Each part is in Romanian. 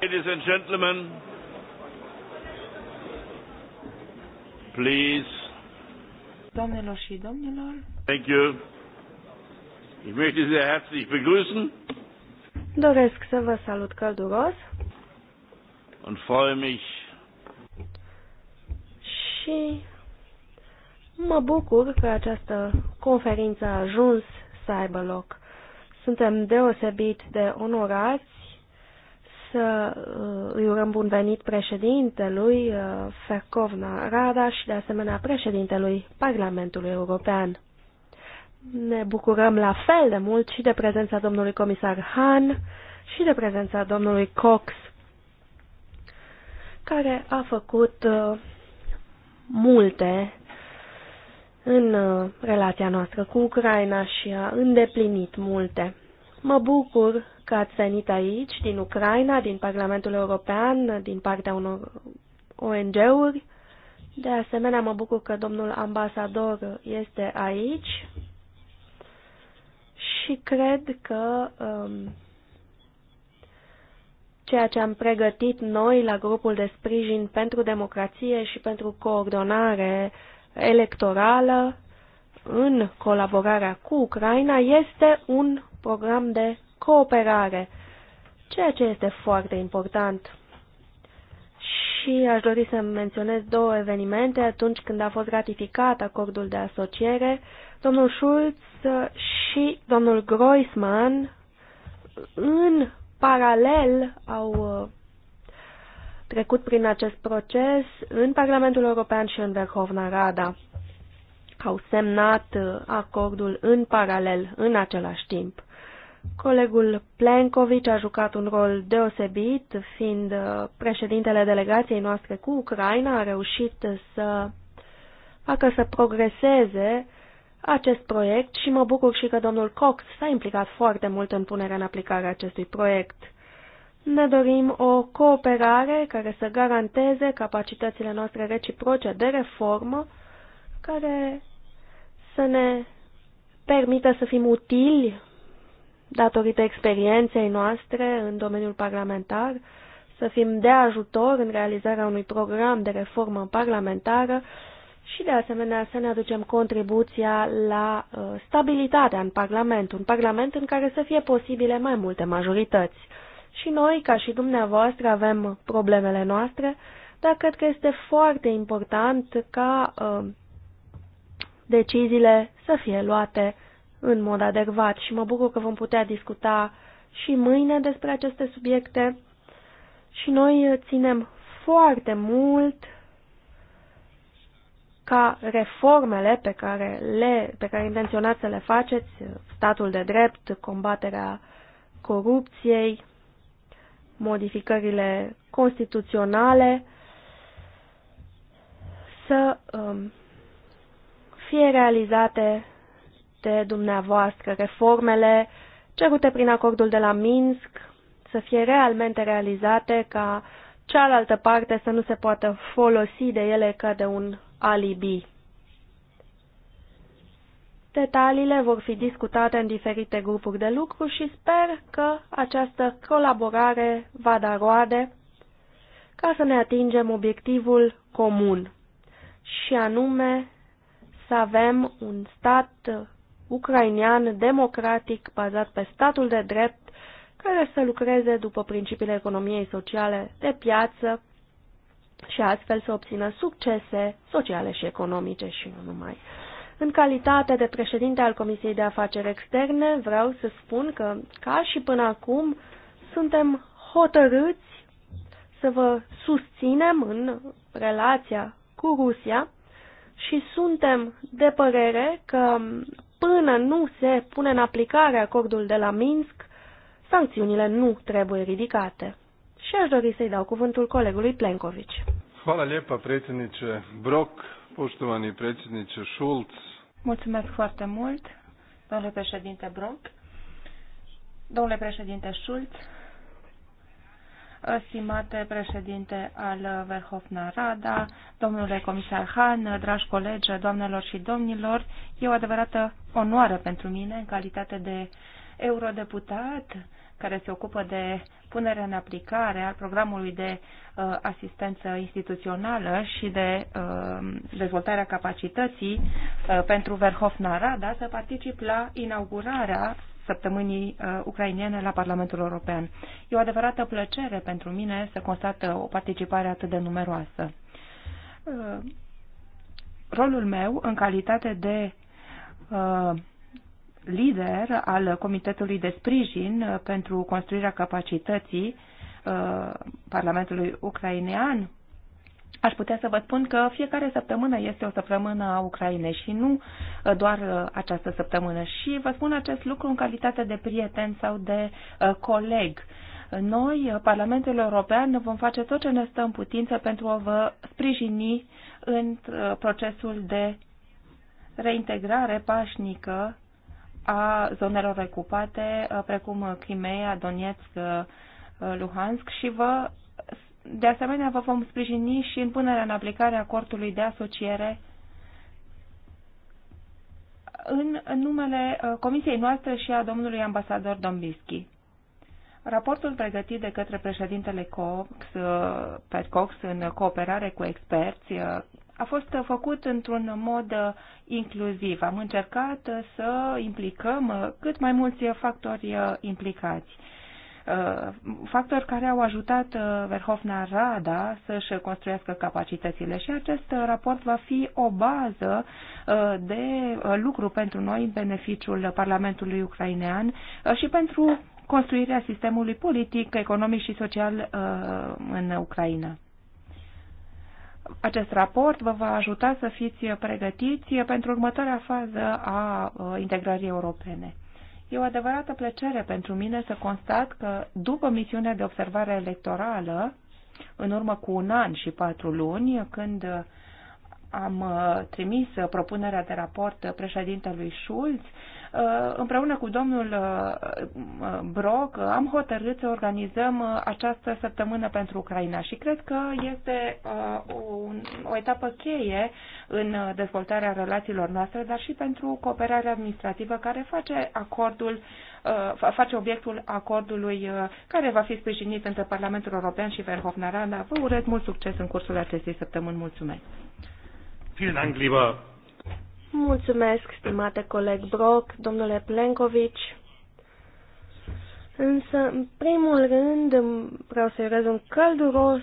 Ladies and gentlemen, please. Domnilor și domnilor. Thank you. Ich möchte Sie herzlich begrüßen. Doresc să vă salut călduros. Und freue mich. Și mă bucur că această conferință a ajuns să aibă loc. Suntem deosebit de onorați să uh, îi urăm bun venit președintelui uh, Fercovna Rada și de asemenea președintelui Parlamentului European. Ne bucurăm la fel de mult și de prezența domnului comisar Han și de prezența domnului Cox, care a făcut uh, multe în relația noastră cu Ucraina și a îndeplinit multe. Mă bucur că ați venit aici, din Ucraina, din Parlamentul European, din partea unor ONG-uri. De asemenea, mă bucur că domnul ambasador este aici și cred că um, ceea ce am pregătit noi la grupul de sprijin pentru democrație și pentru coordonare electorală în colaborarea cu Ucraina este un program de cooperare, ceea ce este foarte important. Și aș dori să menționez două evenimente. Atunci când a fost ratificat acordul de asociere, domnul Schulz și domnul Groisman, în paralel, au uh, trecut prin acest proces în Parlamentul European și în Verhovna Rada. Au semnat uh, acordul în paralel, în același timp. Colegul Plenković a jucat un rol deosebit, fiind uh, președintele delegației noastre cu Ucraina, a reușit să facă să progreseze acest proiect și mă bucur și că domnul Cox s-a implicat foarte mult în punerea în aplicare a acestui proiect. Ne dorim o cooperare care să garanteze capacitățile noastre reciproce de reformă, care să ne permită să fim utili datorită experienței noastre în domeniul parlamentar, să fim de ajutor în realizarea unui program de reformă parlamentară și, de asemenea, să ne aducem contribuția la uh, stabilitatea în Parlament, un Parlament în care să fie posibile mai multe majorități. Și noi, ca și dumneavoastră, avem problemele noastre, dar cred că este foarte important ca uh, deciziile să fie luate în mod adecvat și mă bucur că vom putea discuta și mâine despre aceste subiecte și noi ținem foarte mult ca reformele pe care, le, pe care intenționați să le faceți, statul de drept, combaterea corupției, modificările constituționale, să um, fie realizate de dumneavoastră, reformele cerute prin acordul de la Minsk să fie realmente realizate ca cealaltă parte să nu se poată folosi de ele ca de un alibi. Detaliile vor fi discutate în diferite grupuri de lucru și sper că această colaborare va da roade ca să ne atingem obiectivul comun, și anume să avem un stat ucrainean democratic bazat pe statul de drept care să lucreze după principiile economiei sociale de piață și astfel să obțină succese sociale și economice și nu numai. În calitate de președinte al Comisiei de Afaceri Externe, vreau să spun că, ca și până acum, suntem hotărâți să vă susținem în relația cu Rusia și suntem de părere că până nu se pune în aplicare acordul de la Minsk, sancțiunile nu trebuie ridicate. Și aș dori să-i dau cuvântul colegului Plenković. Hvala lepa, predsjedniče Brock, poștovani predsjedniče Schulz. Mulțumesc foarte mult, domnule președinte Brock, Domnule președinte Schulz, stimate președinte al Verhofna Rada, domnule comisar Han, dragi colegi, doamnelor și domnilor, e o adevărată onoare pentru mine în calitate de eurodeputat care se ocupă de punerea în aplicare al programului de uh, asistență instituțională și de uh, dezvoltarea capacității uh, pentru Verhofna Rada să particip la inaugurarea săptămânii uh, ucrainiene la Parlamentul European. E o adevărată plăcere pentru mine să constată uh, o participare atât de numeroasă. Uh, rolul meu, în calitate de lider al Comitetului de Sprijin pentru construirea capacității Parlamentului ucrainean Aș putea să vă spun că fiecare săptămână este o săptămână a Ucrainei și nu uh, doar uh, această săptămână. Și vă spun acest lucru în calitate de prieten sau de uh, coleg. Noi, Parlamentul European, vom face tot ce ne stă în putință pentru a vă sprijini în procesul de reintegrare pașnică a zonelor recupate, precum Crimea, Donetsk, Luhansk și vă de asemenea, vă vom sprijini și în punerea în aplicare a acordului de asociere în numele uh, comisiei noastre și a domnului ambasador Dombischi. Raportul pregătit de către președintele Cox, uh, Pat Cox în cooperare cu experți uh, a fost făcut într-un mod inclusiv. Am încercat să implicăm cât mai mulți factori implicați Uh, factori care au ajutat uh, Verhofna Rada să-și construiască capacitățile și acest uh, raport va fi o bază de lucru pentru noi în beneficiul Parlamentului ucrainean și pentru construirea sistemului politic, economic și social în Ucraina. Acest raport vă va ajuta să fiți pregătiți pentru următoarea fază a integrării europene. E o adevărată plăcere pentru mine să constat că după misiunea de observare electorală, în urmă cu un an și patru luni, când am uh, trimis uh, propunerea de raport uh, președintelui Schulz. Împreună cu domnul Brock am hotărât să organizăm această săptămână pentru Ucraina și cred că este o, o etapă cheie în dezvoltarea relațiilor noastre, dar și pentru cooperarea administrativă care face acordul face obiectul acordului care va fi sprijinit între Parlamentul European și Verhofnarana. Vă urez mult succes în cursul acestei săptămâni. Mulțumesc! Mulțumesc, stimate coleg Brock, domnule Plenkovici. Însă, în primul rând, vreau să-i urez un călduros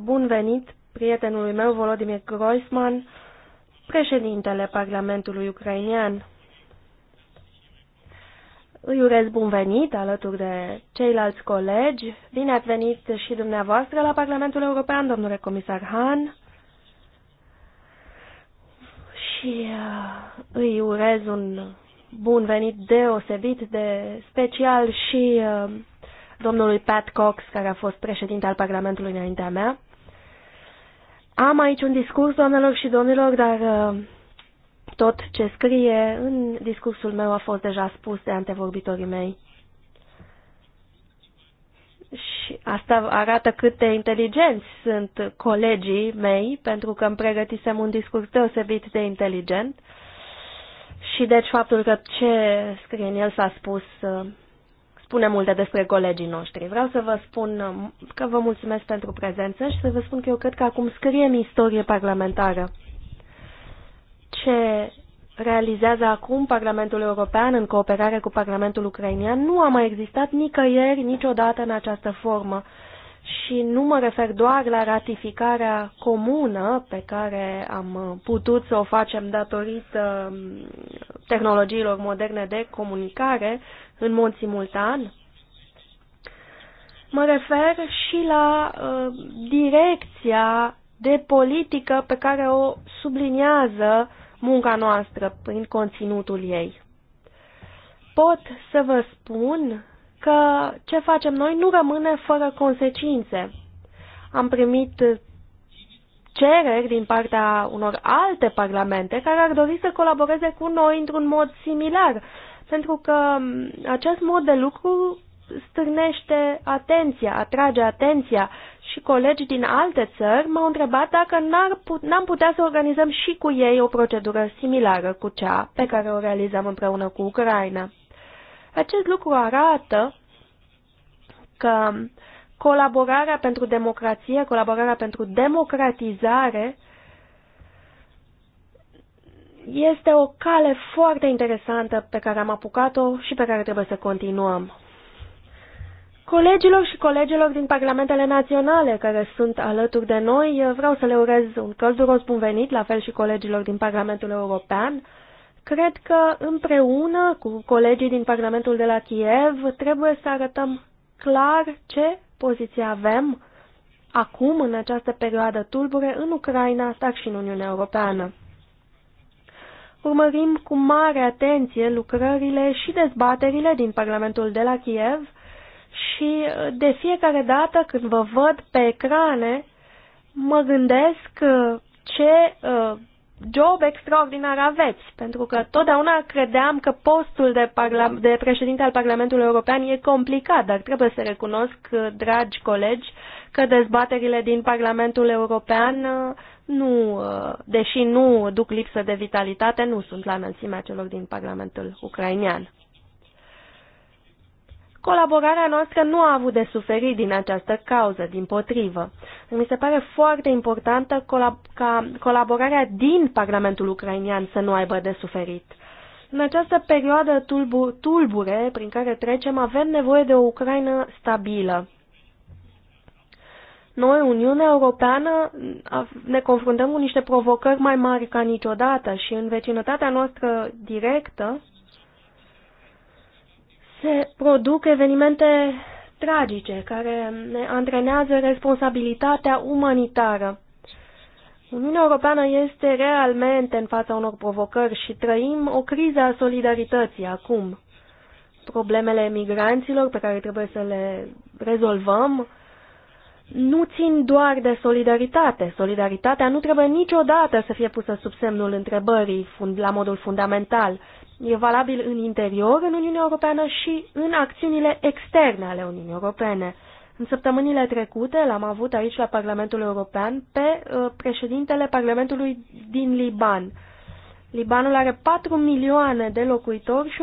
bun venit prietenului meu, Volodimir Groisman, președintele Parlamentului Ucrainean. Îi urez bun venit alături de ceilalți colegi. Bine ați venit și dumneavoastră la Parlamentul European, domnule comisar Hahn și uh, îi urez un bun venit deosebit de special și uh, domnului Pat Cox, care a fost președinte al Parlamentului înaintea mea. Am aici un discurs, doamnelor și domnilor, dar uh, tot ce scrie în discursul meu a fost deja spus de antevorbitorii mei. Și asta arată cât de inteligenți sunt colegii mei, pentru că îmi pregătisem un discurs deosebit de inteligent. Și deci faptul că ce scrie în el s-a spus uh, spune multe despre colegii noștri. Vreau să vă spun um, că vă mulțumesc pentru prezență și să vă spun că eu cred că acum scriem istorie parlamentară. Ce realizează acum Parlamentul European în cooperare cu Parlamentul Ucrainian nu a mai existat nicăieri, niciodată în această formă. Și nu mă refer doar la ratificarea comună pe care am putut să o facem datorită um, tehnologiilor moderne de comunicare în mod simultan. Mă refer și la uh, direcția de politică pe care o subliniază munca noastră, prin conținutul ei. Pot să vă spun că ce facem noi nu rămâne fără consecințe. Am primit cereri din partea unor alte parlamente care ar dori să colaboreze cu noi într-un mod similar, pentru că acest mod de lucru strânește atenția, atrage atenția și colegi din alte țări m-au întrebat dacă n-am putea să organizăm și cu ei o procedură similară cu cea pe care o realizăm împreună cu Ucraina. Acest lucru arată că colaborarea pentru democrație, colaborarea pentru democratizare este o cale foarte interesantă pe care am apucat-o și pe care trebuie să continuăm. Colegilor și colegilor din parlamentele naționale care sunt alături de noi, vreau să le urez un călduros bun venit, la fel și colegilor din Parlamentul European. Cred că împreună cu colegii din Parlamentul de la Kiev trebuie să arătăm clar ce poziție avem acum, în această perioadă tulbure, în Ucraina, dar și în Uniunea Europeană. Urmărim cu mare atenție lucrările și dezbaterile din Parlamentul de la Kiev, și de fiecare dată când vă văd pe ecrane, mă gândesc uh, ce uh, job extraordinar aveți, pentru că totdeauna credeam că postul de, de președinte al Parlamentului European e complicat, dar trebuie să recunosc, uh, dragi colegi, că dezbaterile din Parlamentul European nu, deși nu duc lipsă de vitalitate, nu sunt la înălțimea celor din Parlamentul Ucrainean. Colaborarea noastră nu a avut de suferit din această cauză, din potrivă. Mi se pare foarte importantă ca colaborarea din Parlamentul ucrainian să nu aibă de suferit. În această perioadă tulbu tulbure prin care trecem, avem nevoie de o Ucraina stabilă. Noi, Uniunea Europeană, ne confruntăm cu niște provocări mai mari ca niciodată și în vecinătatea noastră directă, se produc evenimente tragice care ne antrenează responsabilitatea umanitară. Uniunea Europeană este realmente în fața unor provocări și trăim o criză a solidarității acum. Problemele migranților pe care trebuie să le rezolvăm, nu țin doar de solidaritate. Solidaritatea nu trebuie niciodată să fie pusă sub semnul întrebării la modul fundamental. E valabil în interior, în Uniunea Europeană și în acțiunile externe ale Uniunii Europene. În săptămânile trecute l-am avut aici la Parlamentul European pe uh, președintele Parlamentului din Liban. Libanul are 4 milioane de locuitori și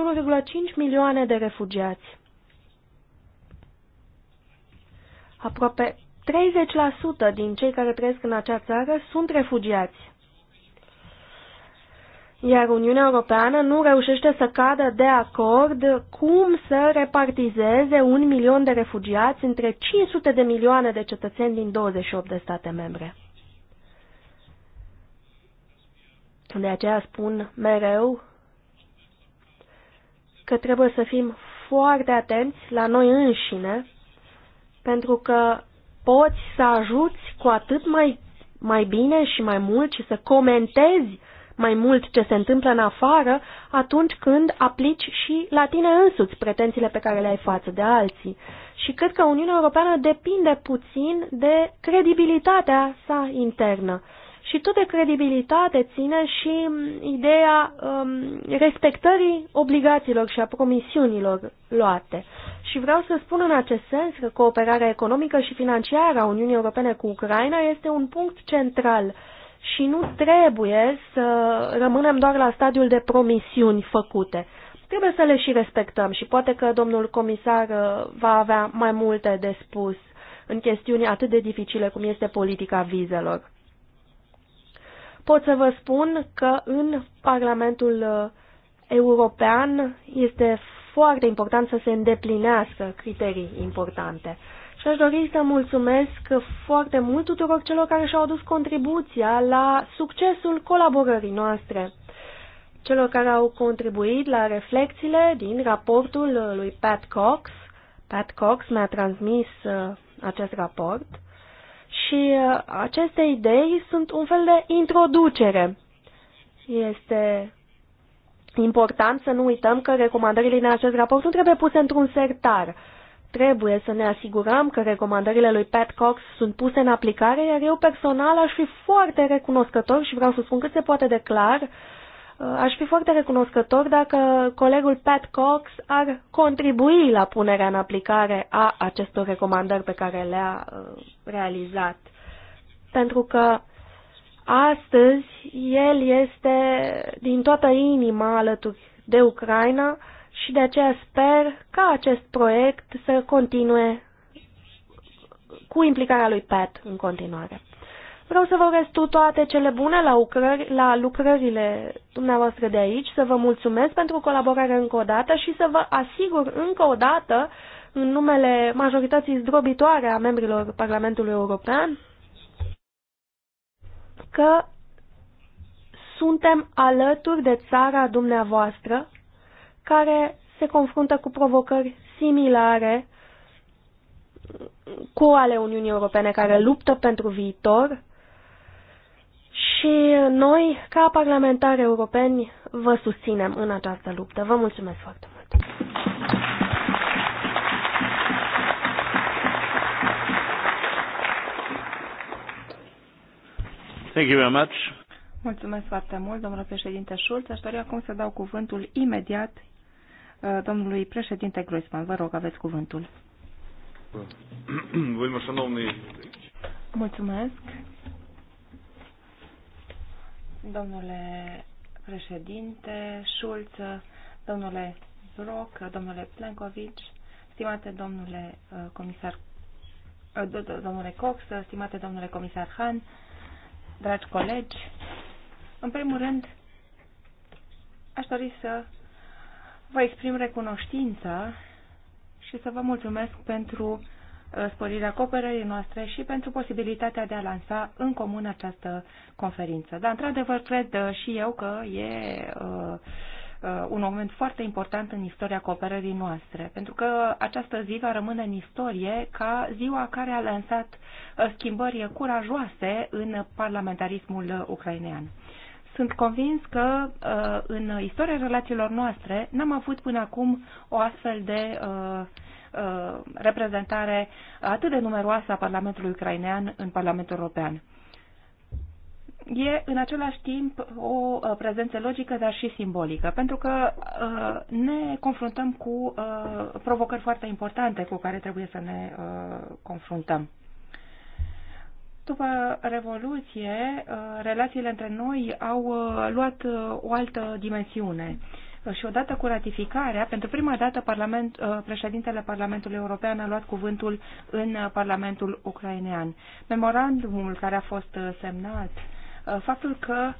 1,5 milioane de refugiați. Aproape 30% din cei care trăiesc în acea țară sunt refugiați. Iar Uniunea Europeană nu reușește să cadă de acord cum să repartizeze un milion de refugiați între 500 de milioane de cetățeni din 28 de state membre. De aceea spun mereu că trebuie să fim foarte atenți la noi înșine, pentru că poți să ajuți cu atât mai, mai bine și mai mult și să comentezi mai mult ce se întâmplă în afară atunci când aplici și la tine însuți pretențiile pe care le ai față de alții. Și cred că Uniunea Europeană depinde puțin de credibilitatea sa internă. Și tot de credibilitate ține și ideea um, respectării obligațiilor și a promisiunilor luate. Și vreau să spun în acest sens că cooperarea economică și financiară a Uniunii Europene cu Ucraina este un punct central și nu trebuie să rămânem doar la stadiul de promisiuni făcute. Trebuie să le și respectăm și poate că domnul comisar uh, va avea mai multe de spus în chestiuni atât de dificile cum este politica vizelor pot să vă spun că în Parlamentul uh, European este foarte important să se îndeplinească criterii importante. Și aș dori să mulțumesc foarte mult tuturor celor care și-au adus contribuția la succesul colaborării noastre. Celor care au contribuit la reflexiile din raportul lui Pat Cox. Pat Cox mi-a transmis uh, acest raport și uh, aceste idei sunt un fel de introducere. Este important să nu uităm că recomandările din acest raport nu trebuie puse într-un sertar. Trebuie să ne asigurăm că recomandările lui Pat Cox sunt puse în aplicare, iar eu personal aș fi foarte recunoscător și vreau să spun cât se poate de clar Uh, aș fi foarte recunoscător dacă colegul Pat Cox ar contribui la punerea în aplicare a acestor recomandări pe care le-a uh, realizat. Pentru că astăzi el este din toată inima alături de Ucraina și de aceea sper ca acest proiect să continue cu implicarea lui Pat în continuare. Vreau să vă urez tu toate cele bune la, lucrări, la lucrările dumneavoastră de aici, să vă mulțumesc pentru colaborare încă o dată și să vă asigur încă o dată, în numele majorității zdrobitoare a membrilor Parlamentului European, că suntem alături de țara dumneavoastră care se confruntă cu provocări similare cu ale Uniunii Europene care luptă pentru viitor și noi, ca parlamentari europeni, vă susținem în această luptă. Vă mulțumesc foarte mult! Thank you very much. Mulțumesc foarte mult, domnule președinte Schulz. Aș dori acum să dau cuvântul imediat uh, domnului președinte Groisman. Vă rog, aveți cuvântul. Mulțumesc domnule președinte Schulz, domnule Brock, domnule Plenkovic, stimate domnule uh, comisar uh, domnule Cox, stimate domnule comisar Han, dragi colegi, în primul rând aș dori să vă exprim recunoștință și să vă mulțumesc pentru Uh, sporirea cooperării noastre și pentru posibilitatea de a lansa în comun această conferință. Dar, într-adevăr, cred uh, și eu că e uh, un moment foarte important în istoria cooperării noastre, pentru că această zi va rămâne în istorie ca ziua care a lansat schimbări curajoase în parlamentarismul ucrainean. Sunt convins că în istoria relațiilor noastre n-am avut până acum o astfel de uh, Uh, reprezentare atât de numeroasă a Parlamentului ucrainean în Parlamentul European. E în același timp o uh, prezență logică, dar și simbolică, pentru că uh, ne confruntăm cu provocări foarte importante cu care trebuie să ne confruntăm după Revoluție, relațiile între noi au luat o altă dimensiune și odată cu ratificarea, pentru prima dată Parlament, uh, președintele Parlamentului European a luat cuvântul în uh, Parlamentul ucrainean. Memorandumul care a fost uh, semnat, faptul că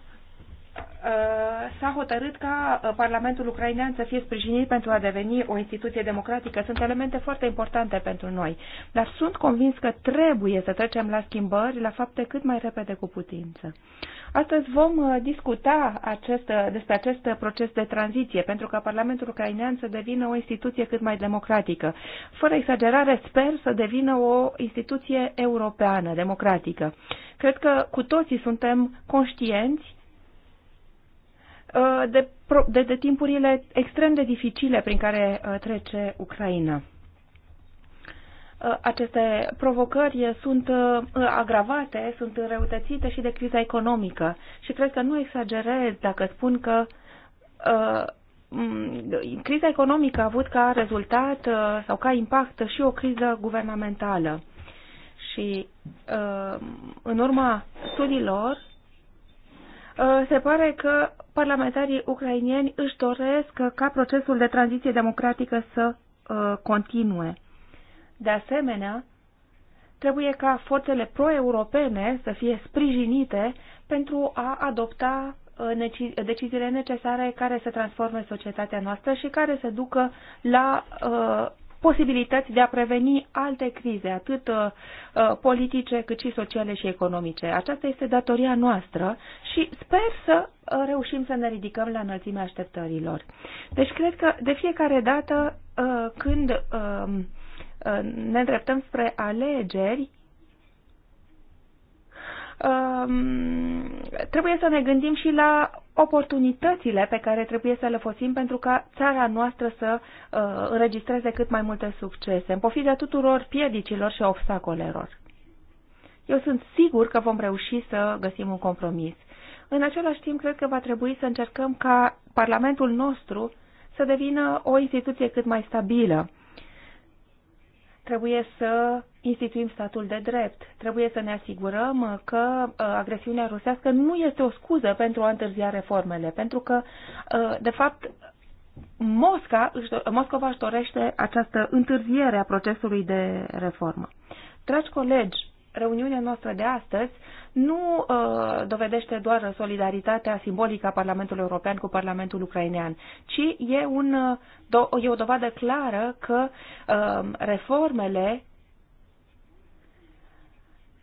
Uh, s-a hotărât ca uh, Parlamentul ucrainean să fie sprijinit pentru a deveni o instituție democratică. Sunt elemente foarte importante pentru noi, dar sunt convins că trebuie să trecem la schimbări, la fapte cât mai repede cu putință. Astăzi vom uh, discuta acest, despre acest proces de tranziție, pentru ca Parlamentul ucrainean să devină o instituție cât mai democratică. Fără exagerare, sper să devină o instituție europeană, democratică. Cred că cu toții suntem conștienți Uh, de, de, de timpurile extrem de dificile prin care uh, trece Ucraina. Uh, aceste provocări sunt agravate, sunt înrăutățite și de criza economică și cred că nu exagerez dacă spun că criza economică a avut ca rezultat sau ca impact și o criză guvernamentală. Și în urma studiilor Uh, se pare că parlamentarii ucrainieni își doresc ca procesul de tranziție democratică să uh, continue. De asemenea, trebuie ca forțele pro-europene să fie sprijinite pentru a adopta uh, deciziile necesare care să transforme societatea noastră și care să ducă la uh, posibilități de a preveni alte crize, atât uh, uh, politice cât și sociale și economice. Aceasta este datoria noastră și sper să uh, reușim să ne ridicăm la înălțimea așteptărilor. Deci cred că de fiecare dată când um, ne îndreptăm spre alegeri, um, trebuie să ne gândim și la oportunitățile pe care trebuie să le folosim pentru ca țara noastră să uh, înregistreze cât mai multe succese, în pofida tuturor piedicilor și obstacolelor. Eu sunt sigur că vom reuși să găsim un compromis. În același timp, cred că va trebui să încercăm ca Parlamentul nostru să devină o instituție cât mai stabilă Trebuie să instituim statul de drept. Trebuie să ne asigurăm că uh, agresiunea rusească nu este o scuză pentru a întârzia reformele, pentru că, uh, de fapt, Mosca, Moscova își dorește această întârziere a procesului de reformă. Dragi colegi, reuniunea noastră de astăzi nu uh, dovedește doar solidaritatea simbolică a Parlamentului European cu Parlamentul Ucrainean, ci e, un, uh, do, e o dovadă clară că uh, reformele,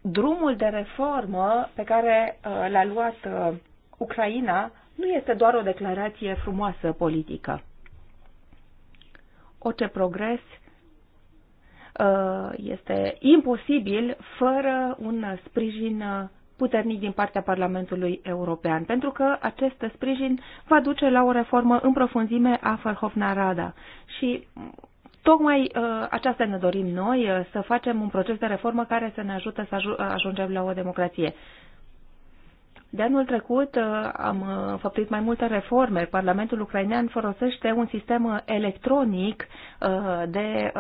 drumul de reformă pe care uh, l-a luat uh, Ucraina, nu este doar o declarație frumoasă politică. Orice progres uh, Uh, este imposibil fără un sprijin puternic din partea Parlamentului European, pentru că acest sprijin va duce la o reformă în profunzime a Rada. Și tocmai uh, aceasta ne dorim noi, uh, să facem un proces de reformă care să ne ajută să ajungem la o democrație. De anul trecut uh, am uh, făcut mai multe reforme. Parlamentul ucrainean folosește un sistem uh, electronic de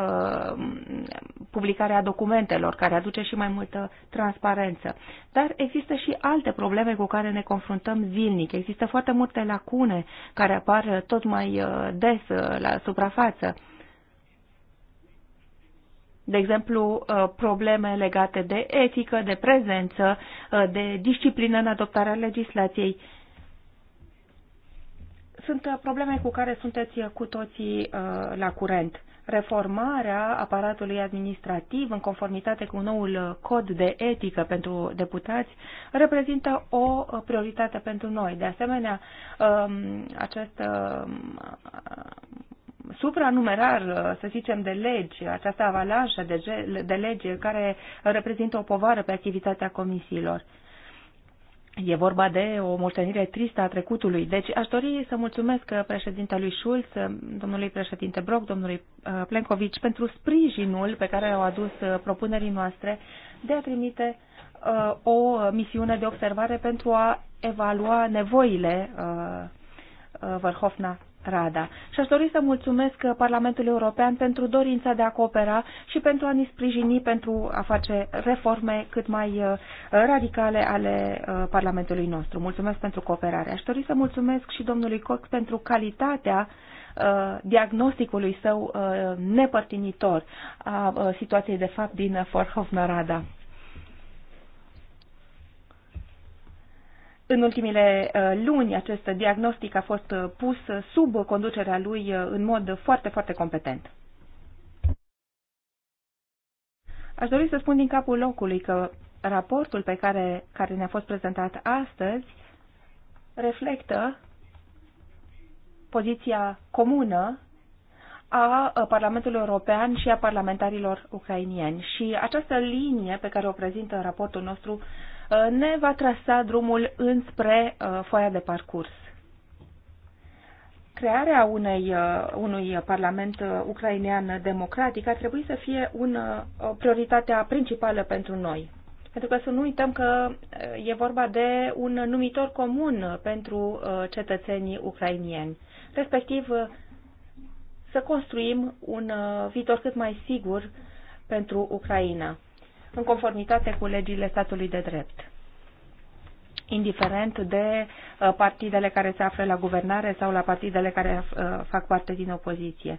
publicare a documentelor, care aduce și mai multă transparență. Dar există și alte probleme cu care ne confruntăm zilnic. Există foarte multe lacune care apar tot mai des la suprafață de exemplu, uh, probleme legate de etică, de prezență, uh, de disciplină în adoptarea legislației. Sunt uh, probleme cu care sunteți cu toții la curent. Reformarea aparatului administrativ în conformitate cu noul cod de etică pentru deputați reprezintă o prioritate pentru noi. De asemenea, um, acest um, supranumerar, uh, să zicem, de legi, această avalanșă de, de legi care reprezintă o povară pe activitatea comisiilor. E vorba de o moștenire tristă a trecutului. Deci aș dori să mulțumesc uh, președintelui Schulz, uh, domnului președinte Brock, domnului Plencovici pentru sprijinul pe care l-au adus propunerii noastre de a trimite o misiune de observare pentru a evalua nevoile Vărhofna Rada. Și aș dori să mulțumesc Parlamentului European pentru dorința de a coopera și pentru a ne sprijini pentru a face reforme cât mai uh, radicale ale uh, Parlamentului nostru. Mulțumesc pentru cooperare. Aș dori să mulțumesc și domnului Cox pentru calitatea uh, diagnosticului său nepărtinitor a situației de fapt din Rada. În ultimile uh, luni, acest diagnostic a fost uh, pus uh, sub conducerea lui în mod foarte, foarte competent. Aș dori să spun din capul locului că raportul pe care, care ne-a fost prezentat astăzi reflectă poziția comună a Parlamentului European și a parlamentarilor ucrainieni. Și această linie pe care o prezintă raportul nostru uh, Uh, ne va trasa drumul înspre uh, foaia de parcurs. Crearea unei, uh, unui parlament ucrainean democratic ar trebui să fie un, o prioritatea principală pentru noi. Pentru că să nu uităm că e vorba de un numitor comun pentru cetățenii ucrainieni, respectiv să construim un viitor cât mai sigur pentru Ucraina în conformitate cu legile statului de drept indiferent de uh, partidele care se află la guvernare sau la partidele care uh, fac parte din opoziție.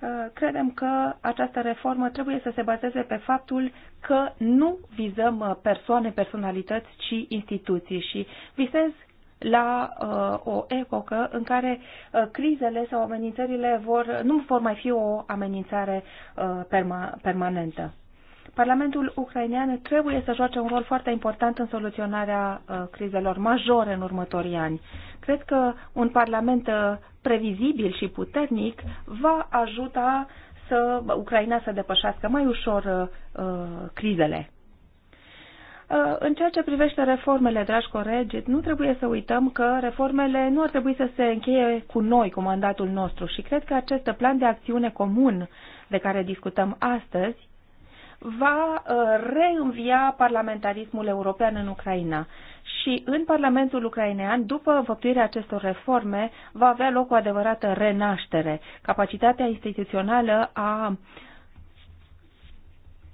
Uh, credem că această reformă trebuie să se bazeze pe faptul că nu vizăm persoane, personalități, ci instituții și visez la o epocă în care crizele sau amenințările vor, nu vor mai fi o amenințare permanentă. Parlamentul ucrainean trebuie să joace un rol foarte important în soluționarea uh, crizelor majore în următorii ani. Cred că un parlament uh, previzibil și puternic va ajuta să Ucraina să depășească mai ușor uh, uh crizele. În ceea ce privește reformele, dragi colegi, nu trebuie să uităm că reformele nu ar trebui să se încheie cu noi, cu mandatul nostru și cred că acest plan de acțiune comun de care discutăm astăzi va uh, reînvia parlamentarismul european în Ucraina. Și în Parlamentul ucrainean, după văptuirea acestor reforme, va avea loc o adevărată renaștere. Capacitatea instituțională a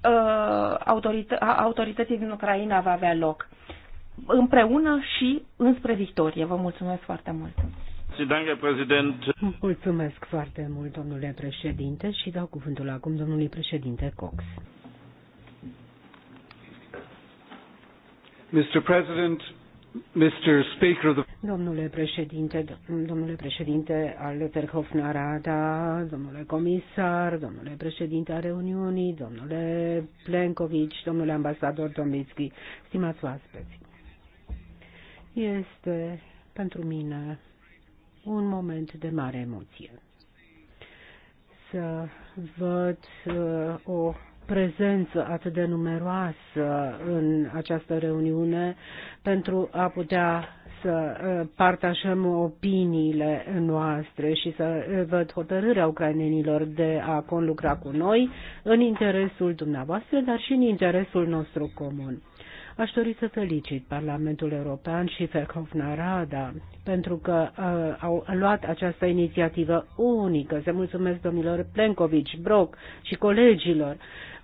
uh, a autorității din Ucraina va avea loc. Împreună și înspre victorie. Vă mulțumesc foarte mult. Mulțumesc foarte mult, domnule președinte, și dau cuvântul acum domnului președinte Cox. Mr. President, Mr. Speaker of the... Domnule președinte, domnule președinte al Verhofna Rada, domnule comisar, domnule președinte al reuniunii, domnule Plenković, domnule ambasador Domitski, stimați oaspeți. Este pentru mine un moment de mare emoție. Să văd uh, o prezență atât de numeroasă în această reuniune pentru a putea să uh, partajăm opiniile noastre și să uh, văd hotărârea ucrainenilor de a conlucra cu noi în interesul dumneavoastră, dar și în interesul nostru comun. Aș dori să felicit Parlamentul European și Verhofna Rada pentru că uh, au luat această inițiativă unică. Să mulțumesc domnilor Plenkovici, Brock și colegilor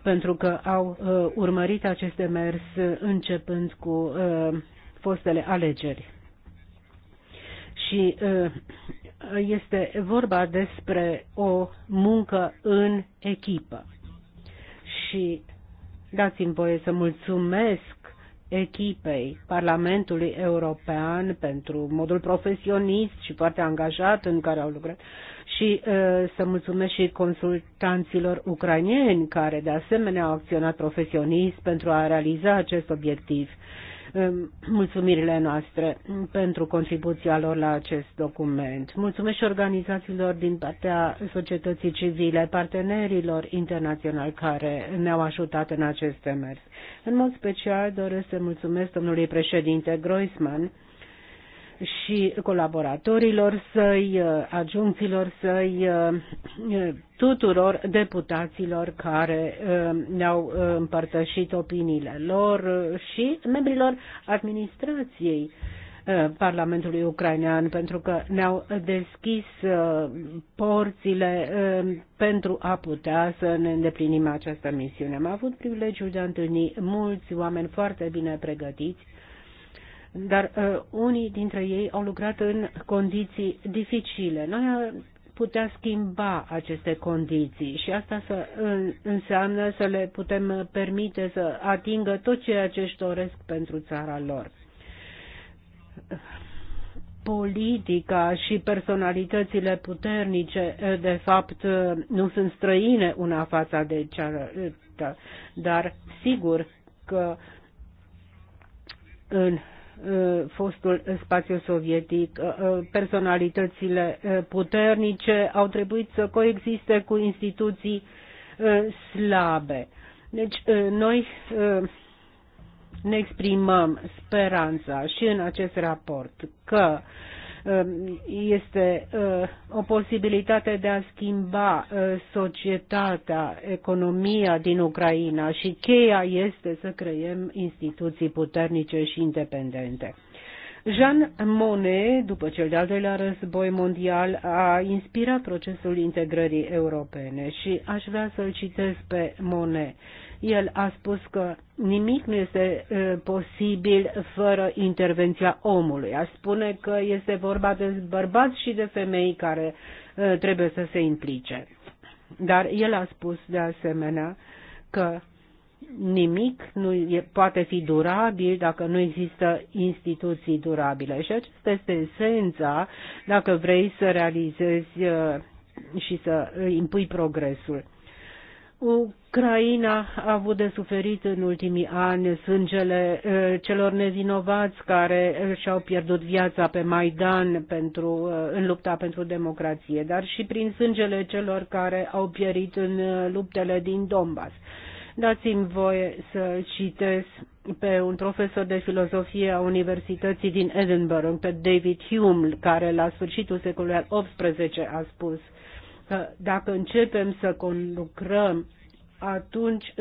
pentru că au uh, urmărit acest demers uh, începând cu uh, fostele alegeri. Și uh, este vorba despre o muncă în echipă. Și dați-mi voie să mulțumesc echipei Parlamentului European pentru modul profesionist și foarte angajat în care au lucrat și uh, să mulțumesc și consultanților ucrainieni care de asemenea au acționat profesionist pentru a realiza acest obiectiv mulțumirile noastre pentru contribuția lor la acest document. Mulțumesc și organizațiilor din partea societății civile, partenerilor internaționali care ne-au ajutat în acest demers. În mod special doresc să mulțumesc domnului președinte Groisman și colaboratorilor săi, uh, adjunților săi, uh, uh, tuturor deputaților care ne-au împărtășit opiniile lor și membrilor administrației Parlamentului Ucrainean pentru că ne-au deschis porțile pentru a putea să ne îndeplinim această misiune. Am avut privilegiul de a întâlni mulți oameni foarte bine pregătiți dar uh, unii dintre ei au lucrat în condiții dificile. Noi putea schimba aceste condiții și asta să înseamnă să le putem permite să atingă tot ceea ce își doresc pentru țara lor. Politica și personalitățile puternice, uh, de fapt, uh, nu sunt străine una fața de cealaltă, dar sigur că în Uh, fostul spațiu sovietic, uh, uh, personalitățile puternice au trebuit să coexiste cu instituții slabe. Deci noi ne exprimăm speranța și în acest raport că uh, Um, este uh, o posibilitate de a schimba uh, societatea, economia din Ucraina și cheia este să creăm instituții puternice și independente. Jean Monnet, după cel de-al doilea război mondial, a inspirat procesul integrării europene și aș vrea să-l citesc pe Monet. El a spus că nimic nu este posibil fără intervenția omului. A spune că este vorba de bărbați și de femei care trebuie să se implice. Dar el a spus de asemenea că nimic nu e, poate fi durabil dacă nu există instituții durabile. Și acesta este esența dacă vrei să realizezi și să impui progresul. Ucraina a avut de suferit în ultimii ani sângele eh, celor nevinovați care eh, și-au pierdut viața pe Maidan pentru, eh, în lupta pentru democrație, dar și prin sângele celor care au pierit în luptele din Donbass. Dați-mi voie să citesc pe un profesor de filozofie a Universității din Edinburgh, pe David Hume, care la sfârșitul secolului al XVIII a spus că dacă începem să conlucrăm, atunci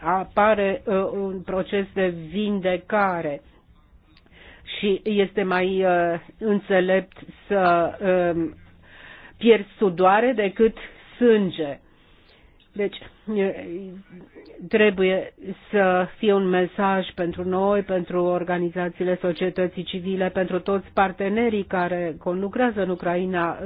apare uh, un proces de vindecare și este mai uh, înțelept să um, pierzi sudoare decât sânge. Deci trebuie să fie un mesaj pentru noi, pentru organizațiile societății civile, pentru toți partenerii care conlucrează în Ucraina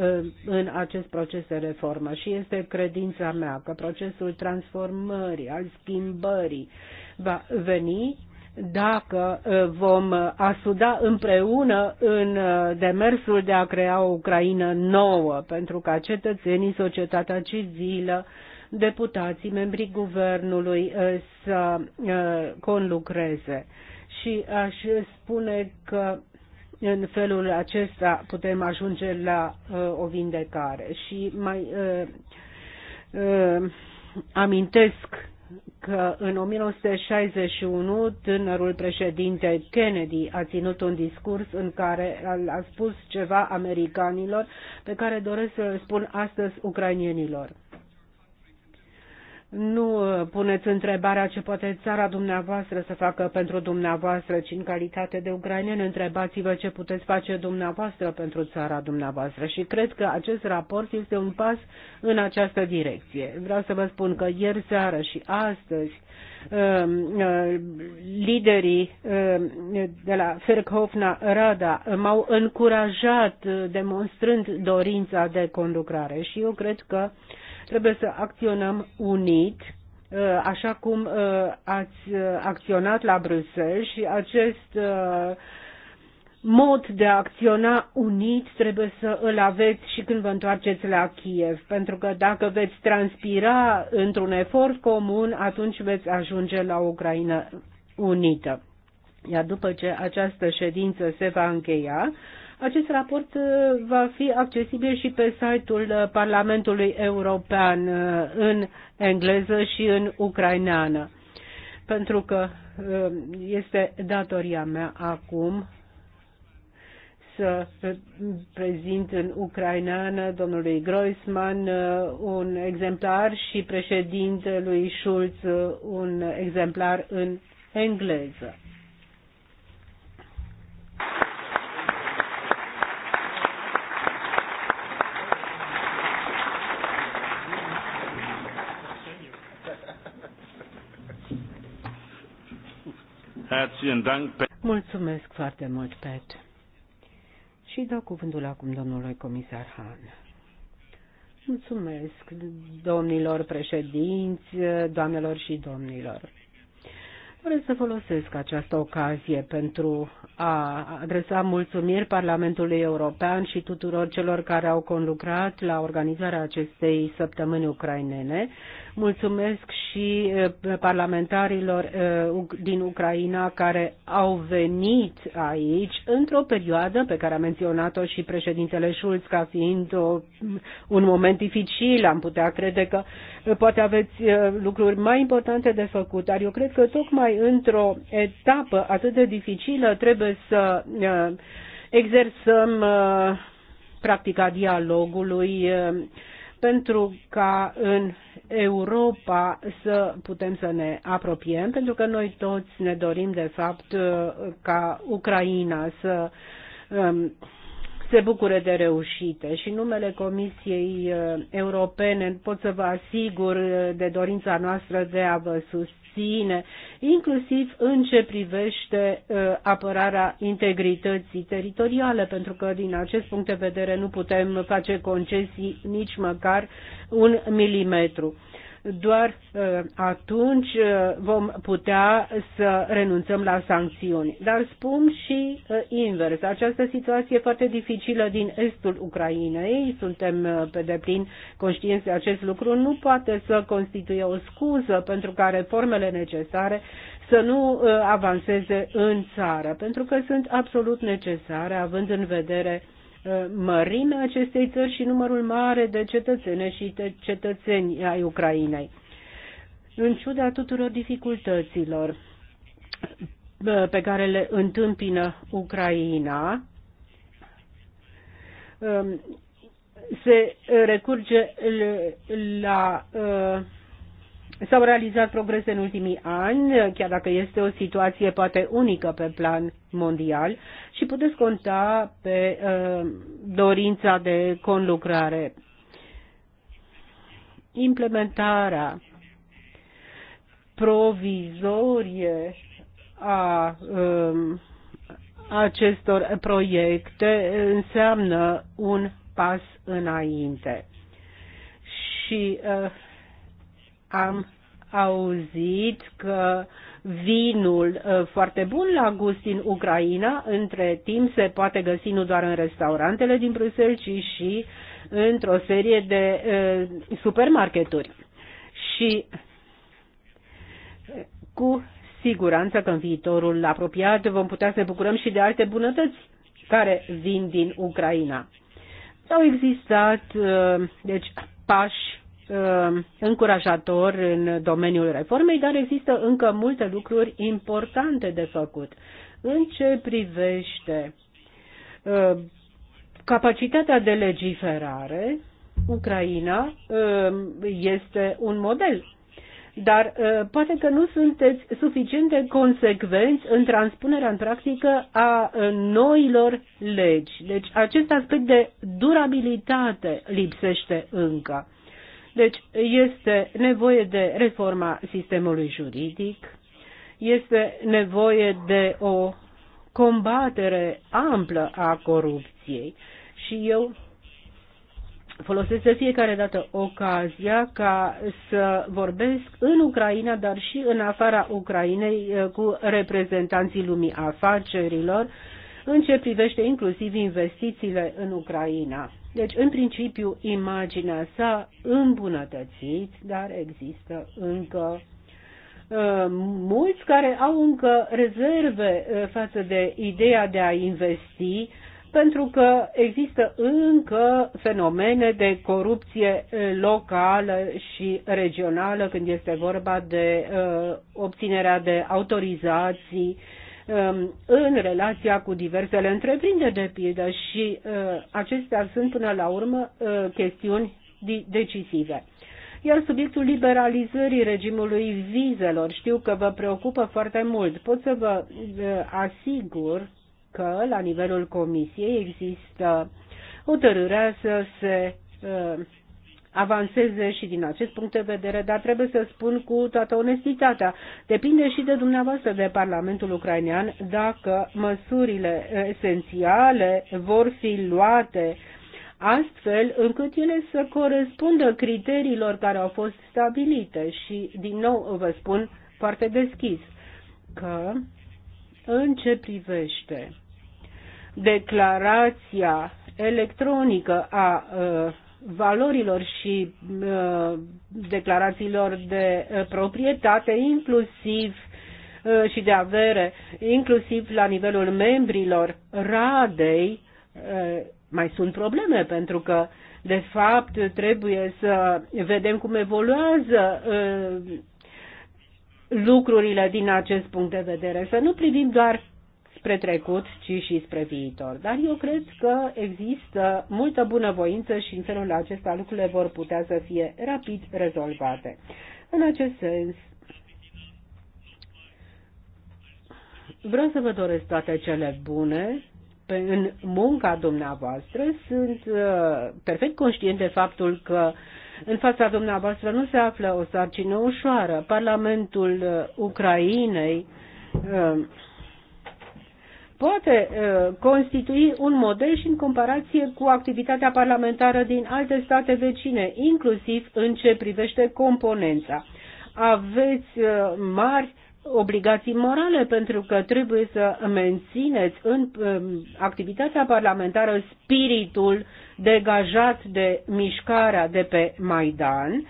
în acest proces de reformă. Și este credința mea că procesul transformării, al schimbării va veni dacă vom asuda împreună în demersul de a crea o Ucraina nouă, pentru ca cetățenii, societatea civilă, deputații, membrii guvernului uh, să uh, conlucreze. Și aș spune că în felul acesta putem ajunge la uh, o vindecare. Și mai amintesc că în 1961 tânărul președinte Kennedy a ținut un discurs în care a spus ceva americanilor pe care doresc să-l spun astăzi ucrainienilor nu uh, puneți întrebarea ce poate țara dumneavoastră să facă pentru dumneavoastră, ci în calitate de ucrainen întrebați-vă ce puteți face dumneavoastră pentru țara dumneavoastră. Și cred că acest raport este un pas în această direcție. Vreau să vă spun că ieri seară și astăzi um, uh, liderii um, de la Ferkhofna Rada m-au încurajat uh, demonstrând dorința de conducrare și eu cred că Trebuie să acționăm unit, uh, așa cum uh, ați uh, acționat la Bruxelles și acest mod de a acționa unit trebuie să îl aveți și când vă întoarceți la Kiev, pentru că dacă veți transpira într-un efort comun, atunci veți ajunge la Ucraina unită. Iar după ce această ședință se va încheia, acest raport uh, va fi accesibil și pe site-ul uh, Parlamentului European uh, în engleză și în ucraineană, pentru că este datoria mea acum să prezint în ucraineană domnului Groisman un exemplar și președintelui Schulz un exemplar în engleză. Mulțumesc foarte mult, Pet. Și dau cuvântul acum domnului comisar Han. Mulțumesc, domnilor președinți, doamnelor și domnilor. Vreau să folosesc această ocazie pentru a adresa mulțumiri Parlamentului European și tuturor celor care au conlucrat la organizarea acestei săptămâni ucrainene, Mulțumesc și eh, parlamentarilor eh, din Ucraina care au venit aici într-o perioadă pe care a menționat-o și președintele Schulz ca fiind o, un moment dificil. Am putea crede că eh, poate aveți lucruri mai importante de făcut, dar eu cred că tocmai într-o etapă atât de dificilă trebuie să exersăm practica dialogului pentru ca în Europa să putem să ne apropiem, pentru că noi toți ne dorim, de fapt, ca Ucraina să um, se bucure de reușite și numele Comisiei uh, Europene pot să vă asigur uh, de dorința noastră de a vă susține sine, inclusiv în ce privește uh, apărarea integrității teritoriale, pentru că din acest punct de vedere nu putem face concesii nici măcar un milimetru. Doar ă, atunci ă, vom putea să renunțăm la sancțiuni. Dar spun și ă, invers. Această situație foarte dificilă din estul Ucrainei, suntem pe deplin conștienți de acest lucru, nu poate să constituie o scuză pentru ca reformele necesare să nu avanseze în țară, pentru că sunt absolut necesare, având în vedere uh, Uh, mărimea acestei țări și numărul mare de cetățene și de cetățeni ai Ucrainei. În ciuda tuturor dificultăților uh, pe care le întâmpină Ucraina, um, se recurge la uh, S-au realizat progrese în ultimii ani, chiar dacă este o situație poate unică pe plan mondial și puteți conta pe uh, dorința de conlucrare. Implementarea provizorie a um, acestor proiecte înseamnă un pas înainte. Și uh, am auzit că vinul ă, foarte bun la gust din Ucraina, între timp se poate găsi nu doar în restaurantele din Bruxelles, ci și într-o serie de uh, supermarketuri. Și ă, cu siguranță că în viitorul apropiat vom putea să ne bucurăm și de alte bunătăți care vin din Ucraina. Au existat, uh, deci, pași Uh, încurajator în domeniul reformei, dar există încă multe lucruri importante de făcut. În ce privește uh, capacitatea de legiferare, Ucraina uh, este un model. Dar poate că nu sunteți suficient de consecvenți în transpunerea în practică a noilor legi. Deci acest aspect de durabilitate lipsește încă. Deci este nevoie de reforma sistemului juridic, este nevoie de o combatere amplă a corupției și eu folosesc de fiecare dată ocazia ca să vorbesc în Ucraina, dar și în afara Ucrainei eh, cu reprezentanții lumii afacerilor în ce privește inclusiv investițiile în Ucraina. Deci, în principiu, imaginea s-a îmbunătățit, dar există încă uh, mulți care au încă rezerve uh, față de ideea de a investi, pentru că există încă fenomene de corupție uh, locală și regională când este vorba de obținerea de autorizații Um, în relația cu diversele întreprinderi de pildă și uh, acestea sunt până la urmă uh, chestiuni decisive. Iar subiectul liberalizării regimului vizelor știu că vă preocupă foarte mult. Pot să vă uh, asigur că la nivelul Comisiei există hotărârea să se avanseze și din acest punct de vedere, dar trebuie să spun cu toată onestitatea, depinde și de dumneavoastră, de Parlamentul ucrainean, dacă măsurile eh, esențiale vor fi luate astfel încât ele să corespundă criteriilor care au fost stabilite și, din nou, vă spun foarte deschis că în ce privește declarația electronică a uh, valorilor și uh, declarațiilor de uh, proprietate, inclusiv uh, și de avere, inclusiv la nivelul membrilor Radei, mai sunt probleme pentru că, de fapt, trebuie să vedem cum evoluează lucrurile din acest punct de vedere, să nu privim doar spre trecut, ci și spre viitor. Dar eu cred că există multă bunăvoință și în felul acesta lucrurile vor putea să fie rapid rezolvate. În acest sens, vreau să vă doresc toate cele bune în munca dumneavoastră. Sunt uh, perfect conștient de faptul că în fața dumneavoastră nu se află o sarcină ușoară. Parlamentul uh, Ucrainei uh, poate uh, constitui un model și în comparație cu activitatea parlamentară din alte state vecine, inclusiv în ce privește componența. Aveți uh, mari obligații morale pentru că trebuie să mențineți în um, activitatea parlamentară spiritul degajat de mișcarea de pe Maidan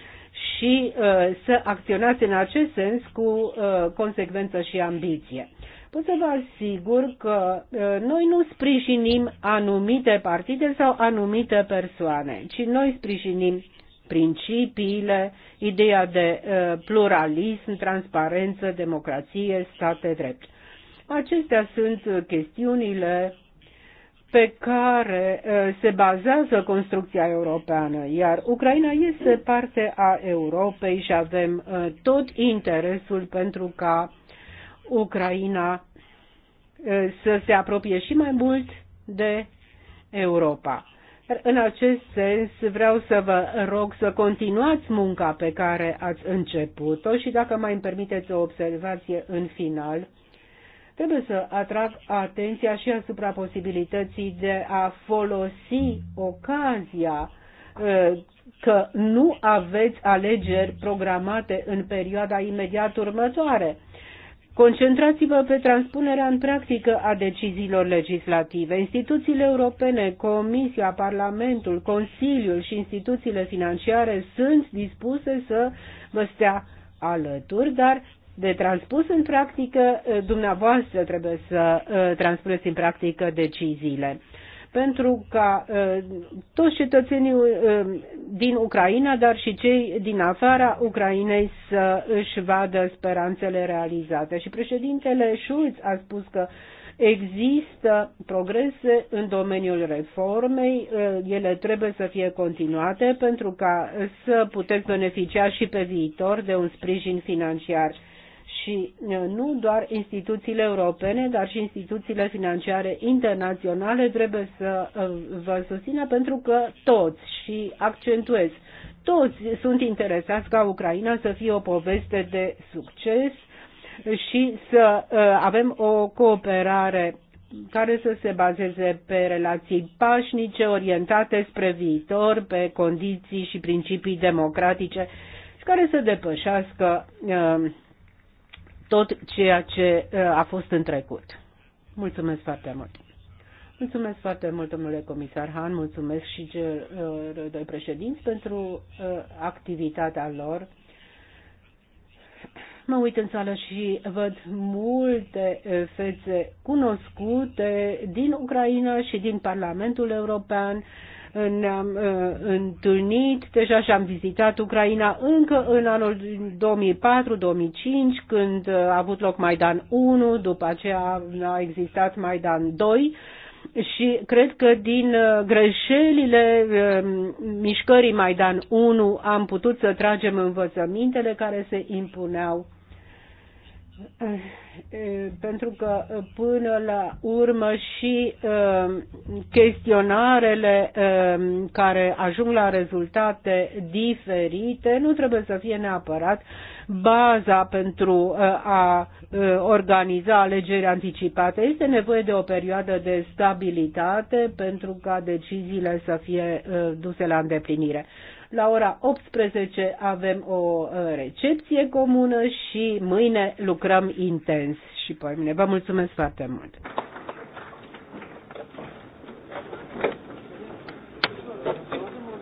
și uh, să acționați în acest sens cu consecvență și ambiție. Pot să vă asigur că noi nu sprijinim anumite partide sau anumite persoane, ci noi sprijinim principiile, ideea de pluralism, transparență, democrație, stat de drept. Acestea sunt chestiunile pe care se bazează construcția europeană, iar Ucraina este parte a Europei și avem tot interesul pentru ca Ucraina să se apropie și mai mult de Europa. În acest sens, vreau să vă rog să continuați munca pe care ați început-o și dacă mai îmi permiteți o observație în final, trebuie să atrag atenția și asupra posibilității de a folosi ocazia că nu aveți alegeri programate în perioada imediat următoare Concentrați-vă pe transpunerea în practică a deciziilor legislative. Instituțiile europene, Comisia, Parlamentul, Consiliul și instituțiile financiare sunt dispuse să vă stea alături, dar de transpus în practică, eh, dumneavoastră trebuie să eh, transpuneți în practică deciziile pentru ca uh, toți cetățenii uh, din Ucraina, dar și cei din afara Ucrainei să își vadă speranțele realizate. Și președintele Schulz a spus că Există progrese în domeniul reformei, uh, ele trebuie să fie continuate pentru ca să puteți beneficia și pe viitor de un sprijin financiar și nu doar instituțiile europene, dar și instituțiile financiare internaționale trebuie să vă susțină pentru că toți și accentuez, toți sunt interesați ca Ucraina să fie o poveste de succes și să avem o cooperare care să se bazeze pe relații pașnice, orientate spre viitor, pe condiții și principii democratice, care să depășească uh, tot ceea ce uh, a fost în trecut. Mulțumesc foarte mult! Mulțumesc foarte mult, domnule comisar Han, mulțumesc și celor doi președinți pentru uh, activitatea lor. Mă uit în sală și văd multe uh, fețe cunoscute din Ucraina și din Parlamentul European ne-am uh, întâlnit deja și am vizitat Ucraina încă în anul 2004-2005, când uh, a avut loc Maidan 1, după aceea a existat Maidan 2 și cred că din uh, greșelile mișcării Maidan 1 am putut să tragem învățămintele care se impuneau pentru că până la urmă și chestionarele care ajung la rezultate diferite nu trebuie să fie neapărat baza pentru a organiza alegeri anticipate. Este nevoie de o perioadă de stabilitate pentru ca deciziile să fie duse la îndeplinire. La ora 18 avem o uh, recepție comună și mâine lucrăm intens și pe mine. Vă mulțumesc foarte mult!